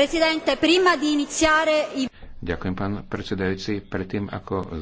Presidente, prima di iniziare i... Ďakujem, pán predsedajúci. Predtým, ako